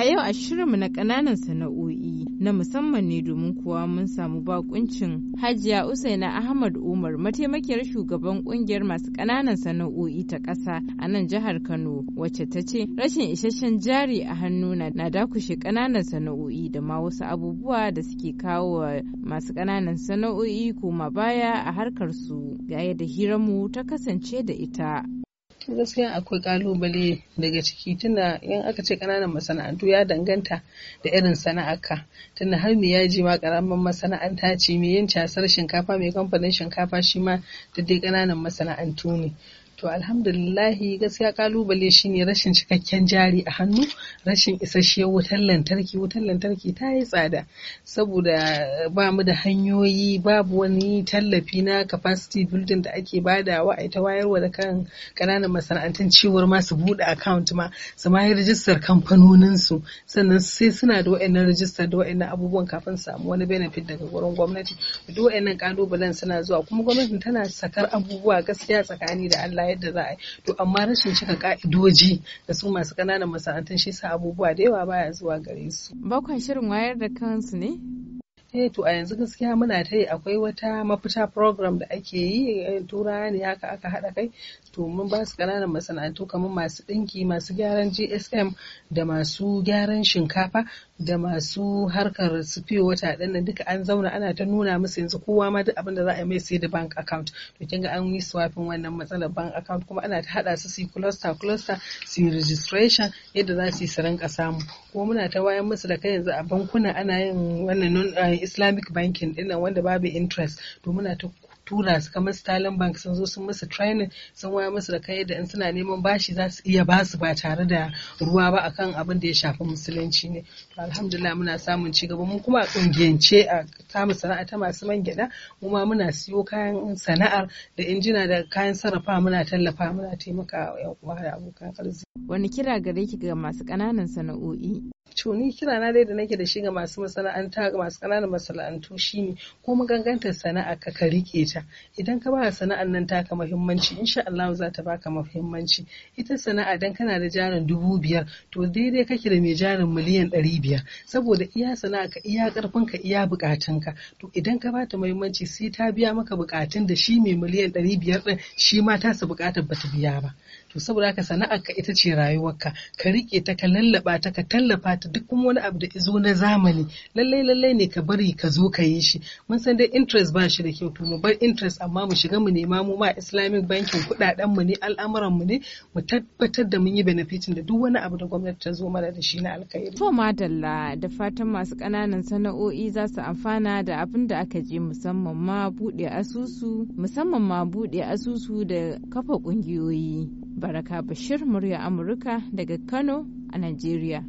A yau a shirinmu na ƙananan sana'o'i na musamman ne domin kuwa mun samu bakuncin Hajiya Usaina Ahmad Umar mataimakiyar shugaban ƙungiyar masu ƙananan sana'o'i ta ƙasa a nan jihar Kano wacce ta ce rashin isasshen jari a hannu na dakushe ƙananan sana'o'i da ma wasu abubuwa da suke kawo wa masu ƙananan sana'o'i koma baya a harkar su ga yadda hiranmu ta kasance da ita. gaskiya akwai ƙalubale daga ciki tunda in aka ce kananan masana'antu ya danganta da irin sana'arka tunda har mai yaji ma karamin masana'anta ce mai yin casar shinkafa mai kamfanin shinkafa shi ma da dai kananan masana'antu ne To alhamdulillahi gaskiya kalubale ne rashin cikakken jari a hannu, rashin isasshiyar wutar lantarki, wutar lantarki ta yi tsada saboda ba mu da hanyoyi babu wani tallafi na capacity building da ake badawa a ita wayarwa da kan kananan masana'antun ma masu buɗe account ma su ma yi rijistar kamfanoninsu sannan sai suna da wa'annan rijistar da wa'annan abubuwan kafin samu wani benefit daga wurin gwamnati. Duk wa'annan kalubalen suna zuwa kuma gwamnati tana sakar abubuwa gaskiya tsakani da Allah yadda za a yi to amma rashin cika ka'idoji da su masu ƙananan masana'antun shi sa abubuwa da yawa baya zuwa gare su bakon shirin wayar da kansu ne eh to a yanzu gaskiya muna ta yi akwai wata mafita program da ake yi eh, tura ne haka aka haɗa kai to mun ba su ƙananan masana'antu kamar masu ɗinki masu gyaran gsm da masu gyaran shinkafa da masu harkar su fiye wata ɗin duka an zauna ana ta nuna musu yanzu kowa ma duk abin da za a yi mai sai da bank account to kin ga an yi swapping wannan matsalar bank account kuma ana ta hada su su cluster cluster su registration yadda za su yi su rinka samu kuma muna ta wayan musu da kai yanzu a bankuna ana yin wannan eh, islamic banking dinnan wanda babu interest to muna ta tura su kamar Sterling Bank sun zo sun musu training sun waya musu da kai da in suna neman bashi za su iya basu ba tare da ruwa ba akan abin da ya shafi musulunci ne. to Alhamdulillah muna samun ci gaba mun kuma kungiyance a samun sana'a ta masu man gyada mu muna siyo kayan sana'ar da injina da kayan sarrafa muna tallafa muna taimaka wa 'yan uwa da abokan arziki. Wani kira gare ki ga masu kananan sana'o'i? cuni kira na dai da nake da shi ga masu masana'anta ga masu ƙananan masana'antu shine ko magangantar sana'a ka ka rike ta idan ka ba sana'an nan taka muhimmanci insha Allah za ta baka muhimmanci ita sana'a dan kana da jarin dubu biyar to daidai kake da mai jarin miliyan ɗari biyar saboda iya sana'a ka iya ƙarfin ka iya buƙatun ka to idan ka bata muhimmanci sai ta biya maka buƙatun da shi mai miliyan ɗari biyar ɗin shi ma tasa buƙatar bata biya ba to saboda haka sana'ar ka ita ce rayuwarka ka rike ta ka lallaba ta ka tallafa sana'ata duk kuma wani abu da izo na zamani lallai lallai ne ka bari ka zo ka yi shi mun san dai interest ba shi da kyau to mu bar interest amma mu shiga mu nema mu ma islamic banking kudaden mu ne al'amuran mu ne mu tabbatar da mun yi benefitin da duk wani abu da gwamnati ta zo mana da shi na alkhairi to madalla da fatan masu kananan sana'o'i za su amfana da abin da aka je musamman ma bude asusu musamman ma bude asusu da kafa kungiyoyi baraka bashir murya amurka daga kano a najeriya